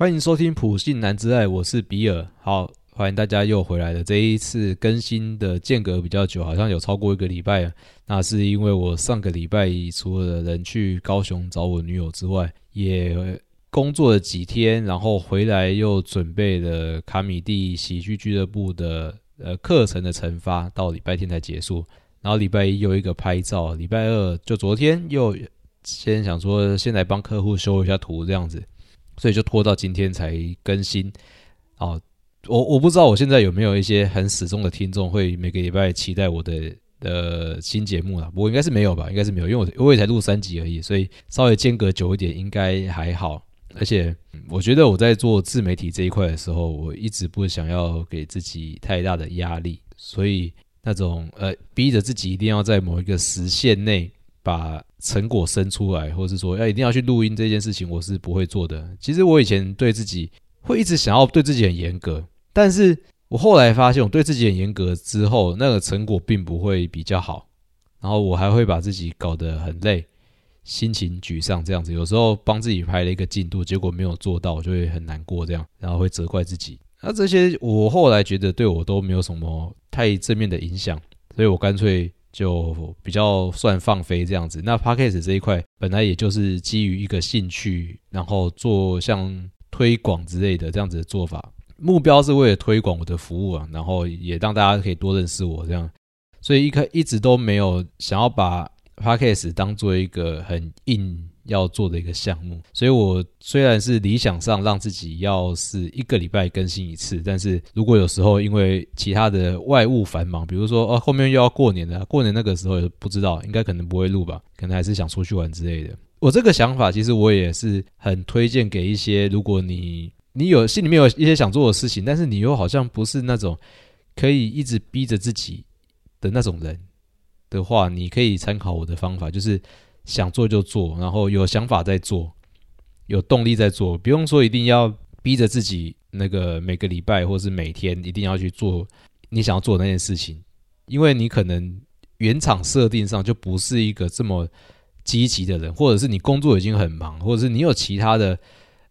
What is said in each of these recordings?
歡迎收聽《普信男之愛》，我是比爾。好，歡迎大家又回來了。這一次更新的間隔比較久，好像有超過一個禮拜。那是因為我上個禮拜除了人去高雄找我女友之外，也工作了幾天，然後回來又準備了卡米地喜劇俱樂部的呃課程的成發，到禮拜天才結束。然後禮拜一又一個拍照，禮拜二就昨天又先想說先來幫客戶修一下圖，這樣子。所以就拖到今天才更新。哦，我我不知道我現在有沒有一些很死忠的聽眾會每個禮拜期待我的呃新節目啦，我應該是沒有吧，應該是沒有，因為我我也才錄三集而已，所以稍微間隔久一點應該還好，而且我覺得我在做自媒體這一塊的時候，我一直不想要給自己太大的壓力，所以那種呃逼着自己一定要在某一個時限內把成果生出來，或是說，要一定要去錄音這件事情，我是不會做的。其實我以前對自己會一直想要對自己很嚴格，但是我後來發現，我對自己很嚴格之後，那個成果並不會比較好，然後我還會把自己搞得很累，心情沮喪這樣子。有時候幫自己拍了一個進度，結果沒有做到，就會很難過這樣，然後會責怪自己。那這些我後來覺得對我都沒有什麼太正面的影響，所以我乾脆。就比較算放飛這樣子，那 podcast 這一塊本來也就是基於一個興趣，然後做像推廣之類的這樣子的做法，目標是為了推廣我的服務啊，然後也讓大家可以多認識我這樣，所以一開一直都沒有想要把。Podcast 當作一個很硬要做的一個項目，所以我雖然是理想上讓自己要是一個禮拜更新一次，但是如果有時候因為其他的外務繁忙，比如說哦後面又要過年了，過年那個時候也不知道，應該可能不會錄吧，可能還是想出去玩之類的。我這個想法其實我也是很推薦給一些，如果你你有心裡面有一些想做的事情，但是你又好像不是那種可以一直逼着自己的那種人。的話，你可以參考我的方法，就是想做就做，然後有想法再做，有動力再做，不用說一定要逼着自己那個每個禮拜或是每天一定要去做你想要做的那件事情，因為你可能原廠設定上就不是一個這麼積極的人，或者是你工作已經很忙，或者是你有其他的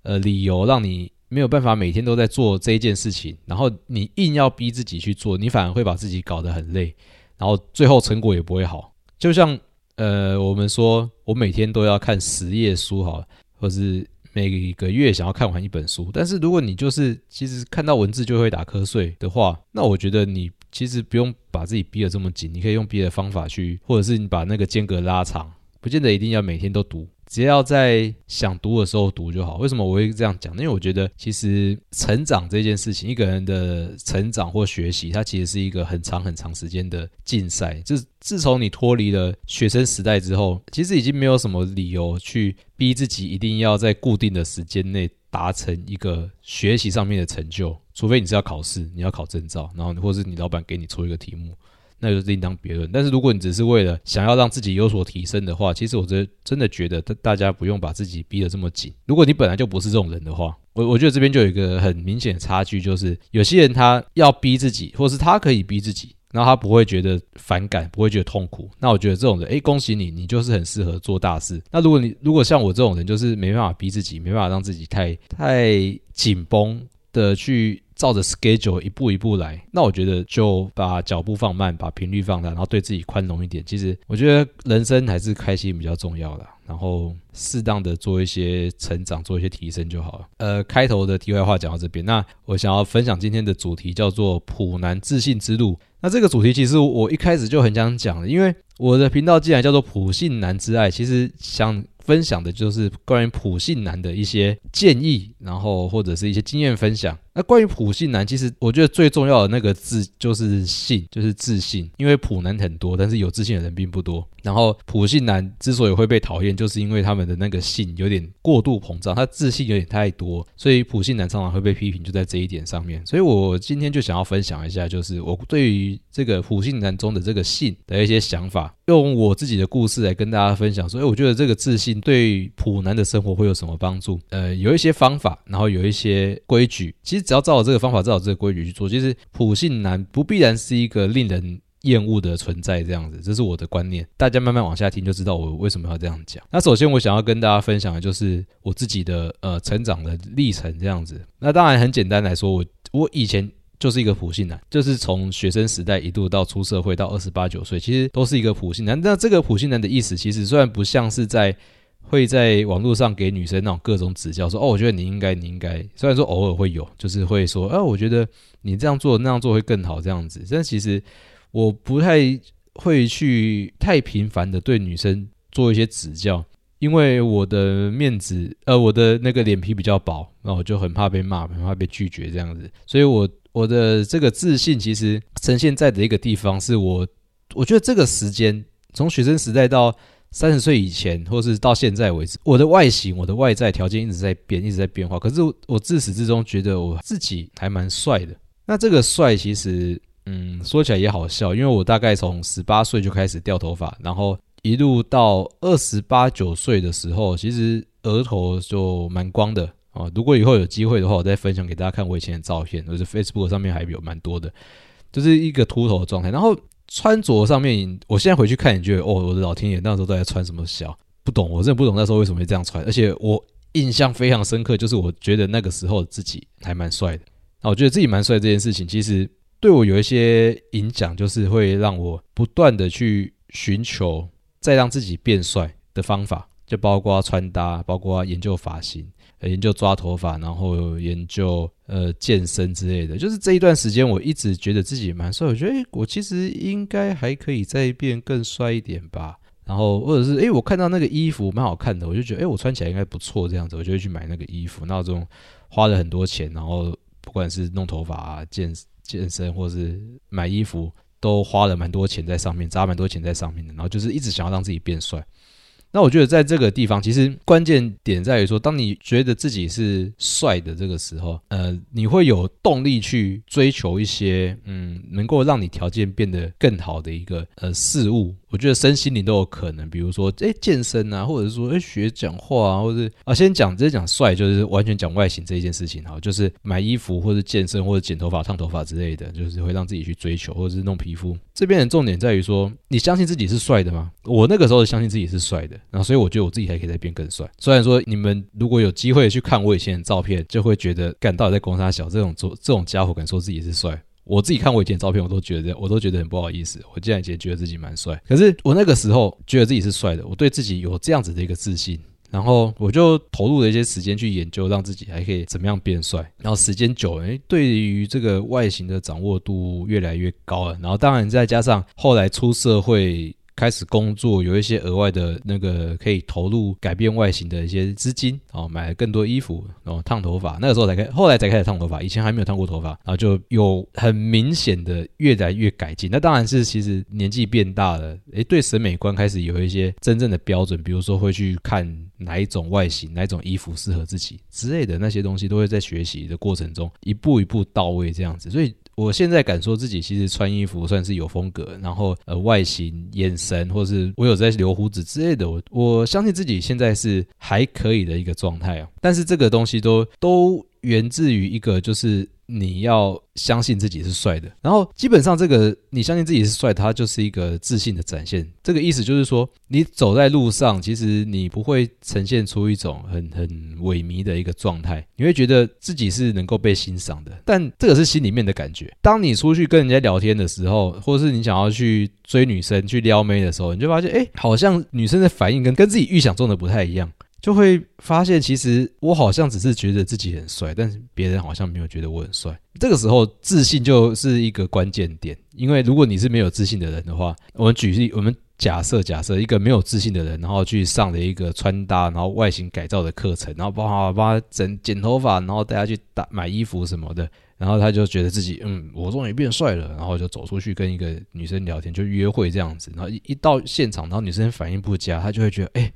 呃理由讓你沒有辦法每天都在做這一件事情，然後你硬要逼自己去做，你反而會把自己搞得很累。然後最後成果也不會好，就像呃，我們說，我每天都要看十頁書，哈，或是每個月想要看完一本書。但是如果你就是其實看到文字就會打瞌睡的話，那我覺得你其實不用把自己逼得這麼緊，你可以用別的方法去，或者是你把那個間隔拉長，不見得一定要每天都讀。只要在想讀的時候讀就好。為什麼我會這樣講？因為我覺得，其實成長這件事情，一個人的成長或學習，它其實是一個很長很長時間的競賽。就是自從你脫離了學生時代之後，其實已經沒有什麼理由去逼自己一定要在固定的時間內達成一個學習上面的成就，除非你是要考試，你要考證照，然後或者是你老板給你出一個題目。那就是另當別論。但是如果你只是為了想要讓自己有所提升的話，其實我真真的覺得大大家不用把自己逼得這麼緊。如果你本來就不是這種人的話，我我覺得這邊就有一個很明顯的差距，就是有些人他要逼自己，或是他可以逼自己，然後他不會覺得反感，不會覺得痛苦。那我覺得這種人，誒、欸，恭喜你，你就是很適合做大事。那如果你如果像我這種人，就是沒辦法逼自己，沒辦法讓自己太太緊繃的去。照着 schedule 一步一步來，那我覺得就把腳步放慢，把頻率放大，然後對自己寬容一點。其實我覺得人生還是開心比較重要的，然後適當的做一些成長，做一些提升就好了。呃，開頭的題外話講到這邊，那我想要分享今天的主題叫做“普男自信之路”。那這個主題其實我一開始就很想講的，因為我的頻道既然叫做“普信男之愛”，其實想分享的就是關於普信男的一些建議，然後或者是一些經驗分享。那關於普信男，其實我覺得最重要的那個字就是“信”，就是自信。因為普男很多，但是有自信的人並不多。然後普信男之所以會被討厭，就是因為他們的那個信有點過度膨脹，他自信有點太多，所以普信男常常會被批評，就在這一點上面。所以我今天就想要分享一下，就是我對於這個普信男中的這個信的一些想法，用我自己的故事來跟大家分享。所以，欸，我覺得這個自信對普男的生活會有什麼幫助？呃，有一些方法，然後有一些規矩，其實。只要照我這個方法，照我這個規矩去做，其實普信男不必然是一個令人厭惡的存在，這樣子，這是我的觀念。大家慢慢往下聽就知道我為什麼要這樣講。那首先，我想要跟大家分享的就是我自己的呃成長的歷程，這樣子。那當然很簡單來說，我我以前就是一個普信男，就是從學生時代一度到出社會到二十八九歲，其實都是一個普信男。那這個普信男的意思，其實雖然不像是在。會在網絡上給女生那種各種指教說，說哦，我覺得你應該，你應該，雖然說偶爾會有，就是會說，哦，我覺得你這樣做那樣做會更好，這樣子。但其實我不太會去太頻繁的對女生做一些指教，因為我的面子，呃，我的那個臉皮比較薄，然後就很怕被罵，很怕被拒絕這樣子。所以我，我我的這個自信其實呈現在的一個地方，是我我覺得這個時間從學生時代到。三十歲以前，或是到現在為止，我的外形、我的外在條件一直在變，一直在變化。可是我自始至終覺得我自己還蠻帥的。那這個帥，其實嗯，說起來也好笑，因為我大概從十八歲就開始掉頭髮，然後一路到二十八九歲的時候，其實額頭就蠻光的啊。如果以後有機會的話，我再分享給大家看我以前的照片，我在 Facebook 上面還有蠻多的，就是一個禿頭的狀態，然後。穿着上面，我現在回去看，你覺得哦，我的老天爺，那時候都在穿什麼小，不懂，我真的不懂那時候為什麼會這樣穿。而且我印象非常深刻，就是我覺得那個時候自己還蠻帥的。那我覺得自己蠻帥這件事情，其實對我有一些影響，就是會讓我不斷的去尋求再讓自己變帥的方法，就包括穿搭，包括研究髮型。研究抓頭髮，然後研究呃健身之類的。就是這一段時間，我一直覺得自己蠻帥。我覺得，欸，我其實應該還可以再變更帥一點吧。然後，或者是，誒、欸，我看到那個衣服蠻好看的，我就覺得，誒、欸，我穿起來應該不錯。這樣子，我就會去買那個衣服。然後這種花了很多錢，然後不管是弄頭髮、啊、健健身，或是買衣服，都花了蠻多錢在上面，砸蠻多錢在上面的。然後就是一直想要讓自己變帥。那我覺得在這個地方，其實關鍵點在於說，當你覺得自己是帥的這個時候，呃，你會有動力去追求一些，嗯，能夠讓你條件變得更好的一個，呃，事物。我覺得身心靈都有可能，比如說哎、欸、健身啊，或者是說哎、欸、學講話啊，或是啊先講直接講帥，就是完全講外形這一件事情哈，就是買衣服或者健身或者剪頭髮燙頭髮之類的，就是會讓自己去追求或者是弄皮膚。這邊的重點在於說，你相信自己是帥的嗎？我那個時候相信自己是帥的，然後所以我覺得我自己還可以再變更帥。雖然說你們如果有機會去看我以前的照片，就會覺得幹，到底在攻山小，這種這這種家伙敢說自己是帥。我自己看我以前的照片，我都覺得，我都覺得很不好意思。我竟然以前覺得自己蠻帥，可是我那個時候覺得自己是帥的，我對自己有這樣子的一個自信，然後我就投入了一些時間去研究，讓自己還可以怎麼樣變帥。然後時間久了，對於這個外形的掌握度越來越高了。然後當然再加上後來出社會。開始工作，有一些額外的那個可以投入改變外形的一些資金哦。買了更多衣服，然後燙頭髮。那個時候才開，後來才開始燙頭髮，以前還沒有燙過頭髮，然後就有很明顯的越來越改進。那當然是其實年紀變大了，誒，對審美觀開始有一些真正的標準，比如說會去看哪一種外形、哪一種衣服適合自己之類的那些東西，都會在學習的過程中一步一步到位這樣子，所以。我現在敢說自己其實穿衣服算是有風格，然後呃外形、眼神，或是我有在留鬍子之類的，我我相信自己現在是還可以的一個狀態啊，但是這個東西都都源自於一個就是。你要相信自己是帥的，然後基本上這個你相信自己是帥，它就是一個自信的展現。這個意思就是說，你走在路上，其實你不會呈現出一種很很萎靡的一個狀態，你會覺得自己是能夠被欣賞的。但這個是心裡面的感覺。當你出去跟人家聊天的時候，或者是你想要去追女生、去撩妹的時候，你就發現，哎，好像女生的反應跟跟自己預想中的不太一樣。就會發現，其實我好像只是覺得自己很帥，但是別人好像沒有覺得我很帥。這個時候，自信就是一個關鍵點。因為如果你是沒有自信的人的話，我們舉例，我們假設假設一個沒有自信的人，然後去上了一個穿搭，然後外形改造的課程，然後幫他幫他剪剪頭髮，然後帶他去打買衣服什麼的，然後他就覺得自己，嗯，我終於變帥了，然後就走出去跟一個女生聊天，就約會這樣子。然後一，一到現場，然後女生反應不佳，他就會覺得哎。欸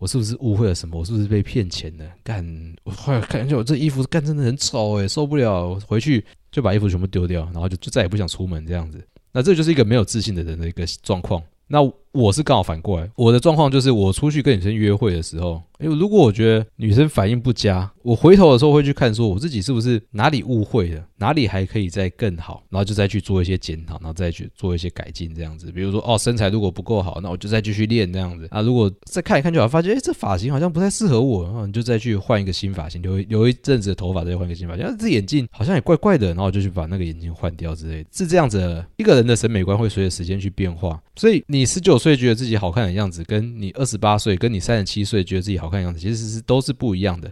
我是不是誤會了什麼？我是不是被騙錢了？幹，我後來感覺我這衣服幹真的很醜哎，受不了！回去就把衣服全部丟掉，然後就就再也不想出門這樣子。那這就是一個沒有自信的人的一個狀況。那。我是剛好反過來，我的狀況就是我出去跟女生約會的時候，因為如果我覺得女生反應不佳，我回頭的時候會去看說我自己是不是哪裡誤會了，哪裡還可以再更好，然後就再去做一些檢討，然後再去做一些改進這樣子。比如說哦，身材如果不夠好，那我就再繼續練這樣子啊。如果再看一看就好像發現哎、欸、這髮型好像不太適合我，然後你就再去換一個新髮型。留留一陣子的頭髮再換一個新髮型，啊這眼鏡好像也怪怪的，然後我就去把那個眼鏡換掉之類。是這樣子，一個人的審美觀會隨着時間去變化，所以你十九。所以覺得自己好看的樣子，跟你二十八歲，跟你三十七歲覺得自己好看的樣子，其實是都是不一樣的。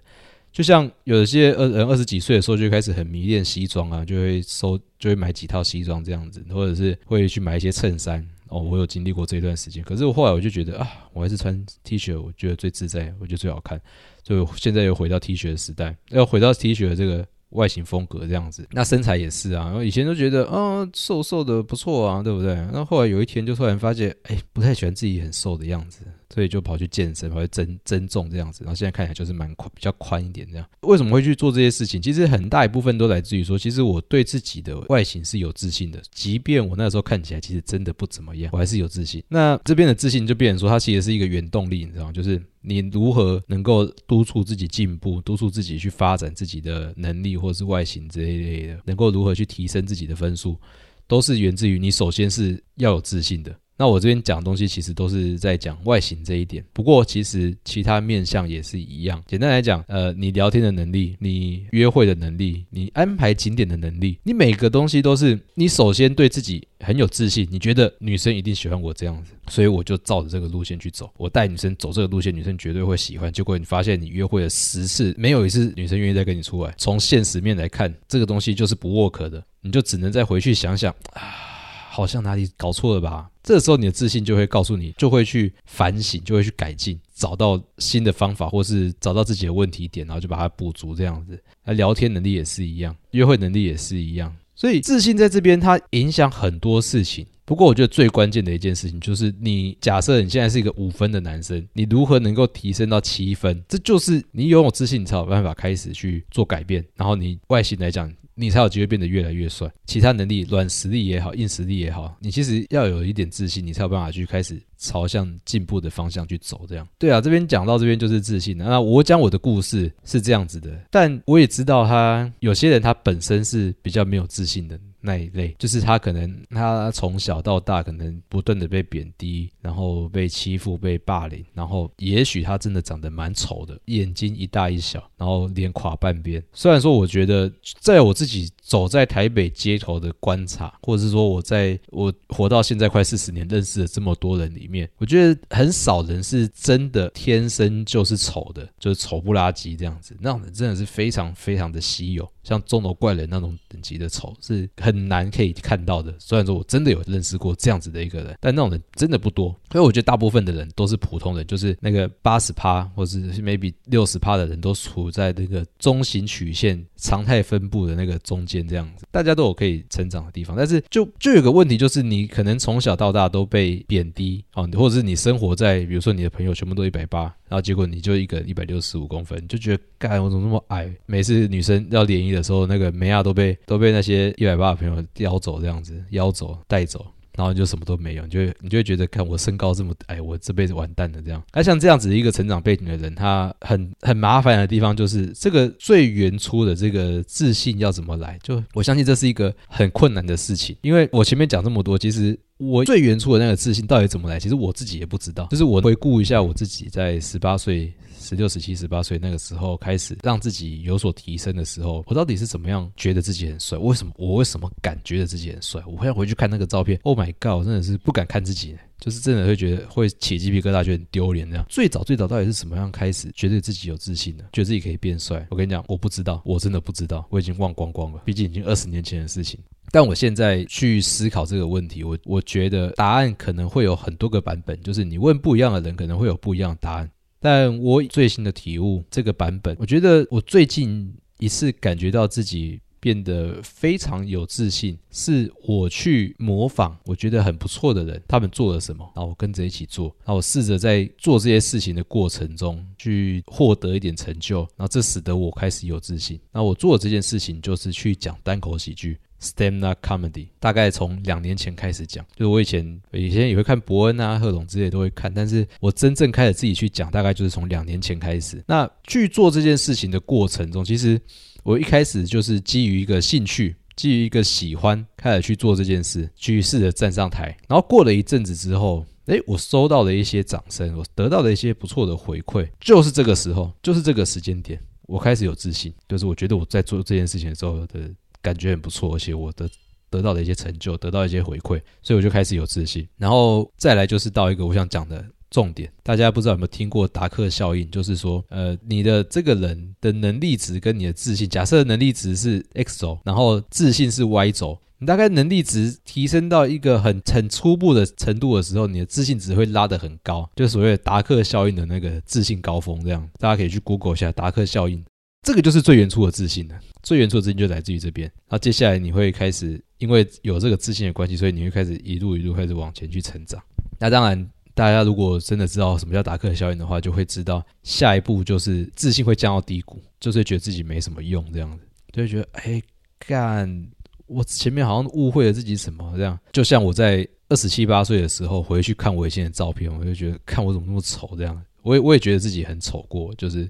就像有些二人二十幾歲的時候就開始很迷戀西裝啊，就會收，就會買幾套西裝這樣子，或者是會去買一些襯衫。哦，我有經歷過這段時間，可是我後來我就覺得啊，我還是穿 T 恤，我覺得最自在，我覺得最好看，所以我現在又回到 T 恤的時代，又回到 T 恤的這個。外形風格這樣子，那身材也是啊。以前都覺得，啊、哦，瘦瘦的不錯啊，對不對？然後後來有一天就突然發現，哎，不太喜歡自己很瘦的樣子。所以就跑去健身，跑去增增重這樣子，然後現在看起來就是蠻寬，比較寬一點這樣。為什麼會去做這些事情？其實很大一部分都來自於說，其實我對自己的外形是有自信的，即便我那時候看起來其實真的不怎麼樣，我還是有自信。那這邊的自信就變成說，它其實是一個原動力，你知道嗎？就是你如何能夠督促自己進步，督促自己去發展自己的能力或是外形這一類的，能夠如何去提升自己的分數，都是源自於你首先是要有自信的。那我這邊講的東西其實都是在講外形這一點，不過其實其他面向也是一樣。簡單來講，呃，你聊天的能力，你約會的能力，你安排景點的能力，你每個東西都是你首先對自己很有自信，你覺得女生一定喜歡我這樣子，所以我就照着這個路線去走，我帶女生走這個路線，女生絕對會喜歡。結果你發現你約會了十次，沒有一次女生願意再跟你出來。從現實面來看，這個東西就是不 work 的，你就只能再回去想想啊。好像哪裡搞錯了吧？這個時候你的自信就會告訴你，就會去反省，就會去改進，找到新的方法，或是找到自己的問題點，然後就把它補足這樣子。那聊天能力也是一樣，約會能力也是一樣。所以自信在這邊，它影響很多事情。不過我覺得最關鍵的一件事情就是，你假設你現在是一個五分的男生，你如何能夠提升到七分？這就是你擁有自信，你才有辦法開始去做改變。然後你外形來講。你才有機會變得越來越帥，其他能力，軟實力也好，硬實力也好，你其實要有一點自信，你才有辦法去開始朝向進步的方向去走。這樣，對啊，這邊講到這邊就是自信的。那我講我的故事是這樣子的，但我也知道他有些人他本身是比較沒有自信的那一類，就是他可能他從小到大可能不斷的被貶低，然後被欺負、被霸凌，然後也許他真的長得蠻醜的，眼睛一大一小。然後臉垮半邊，雖然說我覺得，在我自己走在台北街頭的觀察，或者是說我在我活到現在快四十年認識的這麼多人裡面，我覺得很少人是真的天生就是醜的，就是醜不拉幾這樣子，那種人真的是非常非常的稀有，像鐘樓怪人那種等級的醜是很難可以看到的。雖然說我真的有認識過這樣子的一個人，但那種人真的不多。所以我覺得大部分的人都是普通人，就是那個八十趴或者是 maybe 六十趴的人都出，在那個鐘形曲線常態分布的那個中間這樣子，大家都有可以成長的地方。但是就就有個問題，就是你可能從小到大都被貶低啊、哦，或者是你生活在比如說你的朋友全部都一百八，然後結果你就一個一百六十五公分，就覺得，幹，我怎麼那麼矮？每次女生要聯誼的時候，那個梅亞都被都被那些一百八的朋友叼走這樣子，叼走帶走。然後你就什麼都沒有，你就你就會覺得，看我身高這麼，矮，我這輩子完蛋了這樣。那、啊、像這樣子一個成長背景的人，他很很麻煩的地方就是，這個最原初的這個自信要怎麼來？就我相信這是一個很困難的事情，因為我前面講這麼多，其實我最原初的那個自信到底怎麼來，其實我自己也不知道。就是我回顧一下我自己在十八歲。十六、十七、十八歲那個時候開始讓自己有所提升的時候，我到底是怎麼樣覺得自己很帥？為什麼我為什麼敢覺得自己很帥？我會想回去看那個照片。Oh my god！我真的是不敢看自己，就是真的會覺得會起雞皮疙瘩，覺得很丟臉那樣。最早最早到底是什麼樣開始覺得自己有自信呢？覺得自己可以變帥？我跟你講，我不知道，我真的不知道，我已經忘光光了，畢竟已經二十年前的事情。但我現在去思考這個問題，我我覺得答案可能會有很多個版本，就是你問不一樣的人，可能會有不一樣的答案。但我最新的體悟，這個版本，我覺得我最近一次感覺到自己變得非常有自信，是我去模仿我覺得很不錯的人，他們做了什麼，然後我跟着一起做，然後我試着在做這些事情的過程中去獲得一點成就，然後這使得我開始有自信。那我做的這件事情就是去講單口喜劇。Stand Up Comedy 大概從兩年前開始講，就是我以前我以前也會看博恩啊、賀瓏之類都會看，但是我真正開始自己去講，大概就是從兩年前開始。那去做這件事情的過程中，其實我一開始就是基於一個興趣，基於一個喜歡，開始去做這件事，去試着站上台。然後過了一陣子之後，誒、欸，我收到了一些掌聲，我得到了一些不錯的回饋，就是這個時候，就是這個時間點，我開始有自信，就是我覺得我在做這件事情的時候的。感覺很不錯，而且我得，得到了一些成就，得到一些回饋，所以我就開始有自信。然後再來就是到一個我想講的重點，大家不知道有沒有聽過達克效應，就是說，呃，你的這個人的能力值跟你的自信，假設能力值是 X 軸，然後自信是 Y 軸，你大概能力值提升到一個很很初步的程度的時候，你的自信值會拉得很高，就所謂達克效應的那個自信高峰，這樣大家可以去 Google 一下達克效應。這個就是最原初的自信了，最原初的自信就來自於這邊。然後接下來你會開始，因為有這個自信的關係，所以你會開始一路一路開始往前去成長。那當然，大家如果真的知道什麼叫達克效應的話，就會知道下一步就是自信會降到低谷，就是覺得自己沒什麼用這樣子，就會覺得哎，幹，我前面好像誤會了自己什麼這樣。就像我在二十七八歲的時候回去看我以前的照片，我就覺得看我怎麼那麼醜這樣，我也我也覺得自己很醜過，就是。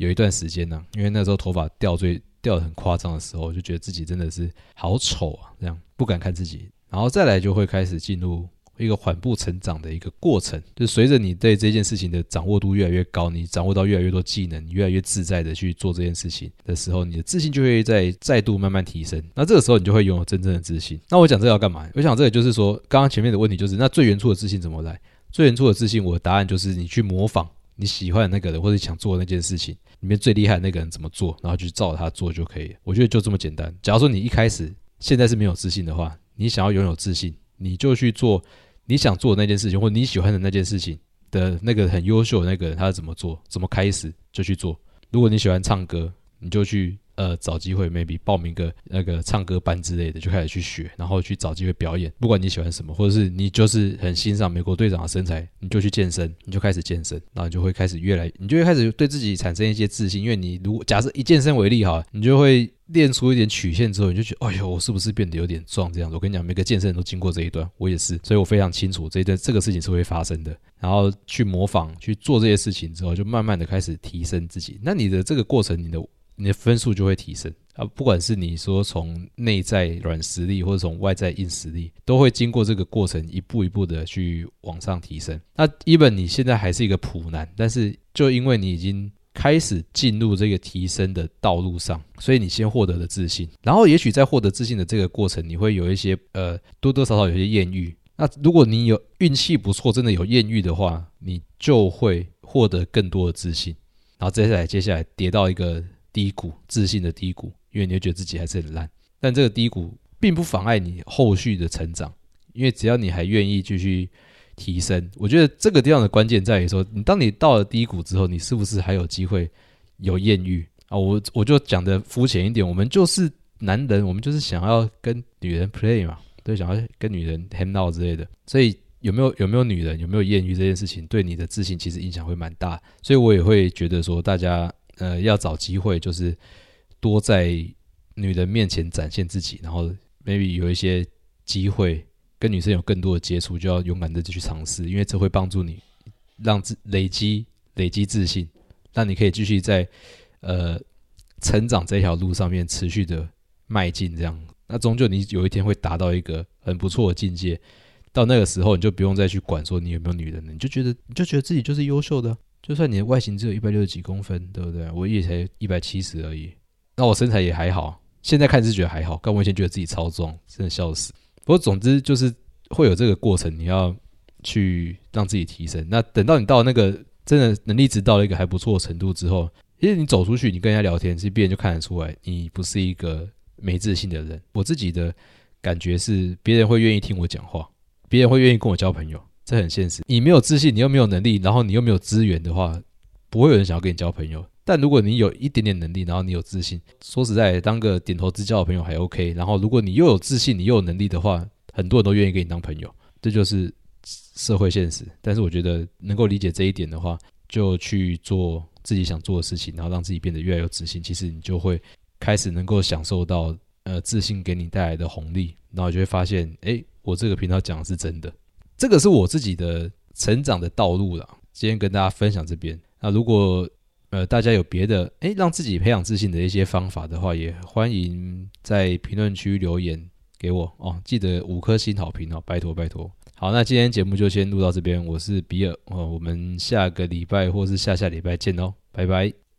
有一段時間呢，啊，因為那時候頭髮掉最掉得很誇張的時候，就覺得自己真的是好醜啊，這樣不敢看自己。然後再來就會開始進入一個緩步成長的一個過程，就隨着你對這件事情的掌握度越來越高，你掌握到越來越多技能，你越來越自在的去做這件事情的時候，你的自信就會再，再度慢慢提升。那這個時候你就會擁有真正的自信。那我講這個要幹嘛？我想這個就是說，剛剛前面的問題就是，那最原初的自信怎麼來？最原初的自信，我的答案就是你去模仿你喜歡的那個人或者想做那件事情。裡面最厲害的那個人怎麼做，然後去照他做就可以了。我覺得就這麼簡單。假如說你一開始現在是沒有自信的話，你想要擁有自信，你就去做你想做的那件事情或你喜歡的那件事情的那個很優秀的那個人，他是怎麼做，怎麼開始就去做。如果你喜歡唱歌，你就去。呃，找機會 maybe 報名個那個唱歌班之類的，就開始去學，然後去找機會表演。不管你喜歡什麼，或者是你就是很欣賞美國隊長的身材，你就去健身，你就開始健身，然後你就會開始越來，你就會開始對自己產生一些自信。因為你如果假設以健身為例哈，你就會練出一點曲線之後，你就覺得哎呦，我是不是變得有點壯這樣子？我跟你講，每個健身人都經過這一段，我也是，所以我非常清楚這一段這個事情是會發生的。然後去模仿去做這些事情之後，就慢慢的開始提升自己。那你的這個過程，你的。你的分數就會提升啊！不管是你說從內在軟實力，或者從外在硬實力，都會經過這個過程，一步一步的去往上提升。那 Even 你現在還是一個普男，但是就因為你已經開始進入這個提升的道路上，所以你先獲得了自信。然後也許在獲得自信的這個過程，你會有一些呃，多多少少有些豔遇。那如果你有運氣不錯，真的有豔遇的話，你就會獲得更多的自信。然後接下來，接下來跌到一個。低谷，自信的低谷，因為你會覺得自己還是很爛。但這個低谷並不妨礙你後續的成長，因為只要你還願意繼續提升，我覺得這個地方的關鍵在於說，你當你到了低谷之後，你是不是還有機會有豔遇啊？我我就講的膚淺一點，我們就是男人，我們就是想要跟女人 play 嘛，對，想要跟女人 hang out 之類的。所以有沒有有沒有女人，有沒有豔遇這件事情，對你的自信其實影響會蠻大。所以我也會覺得說，大家。呃，要找機會，就是多在女人面前展現自己，然後 maybe 有一些機會跟女生有更多的接觸，就要勇敢的去嘗試，因為這會幫助你讓自累積累積自信，讓你可以繼續在呃成長這條路上面持續的邁進，這樣，那終究你有一天會達到一個很不錯的境界，到那個時候你就不用再去管說你有沒有女人了，你就覺得你就覺得自己就是優秀的。就算你的外形只有一百六十幾公分，對不對？我也才一百七十而已，那我身材也還好。現在看是覺得還好，但我以前覺得自己超重，真的笑死。不過總之就是會有這個過程，你要去讓自己提升。那等到你到那個真的能力值到了一個還不錯的程度之後，其實你走出去，你跟人家聊天，其實別人就看得出來你不是一個沒自信的人。我自己的感覺是，別人會願意聽我講話，別人會願意跟我交朋友。這很現實，你沒有自信，你又沒有能力，然後你又沒有資源的話，不會有人想要跟你交朋友。但如果你有一點點能力，然後你有自信，說實在，當個點頭之交的朋友還 OK。然後，如果你又有自信，你又有能力的話，很多人都願意跟你當朋友。這就是社會現實。但是，我覺得能夠理解這一點的話，就去做自己想做的事情，然後讓自己變得越來越自信。其實，你就會開始能夠享受到呃自信給你帶來的紅利，然後你就會發現，哎，我這個頻道講的是真的。這個是我自己的成長的道路了，今天跟大家分享這邊。那如果呃大家有別的誒讓自己培養自信的一些方法的話，也歡迎在評論區留言給我哦。記得五顆星好評哦，拜託拜託。好，那今天節目就先錄到這邊，我是比爾哦，我們下個禮拜或是下下禮拜見哦，拜拜。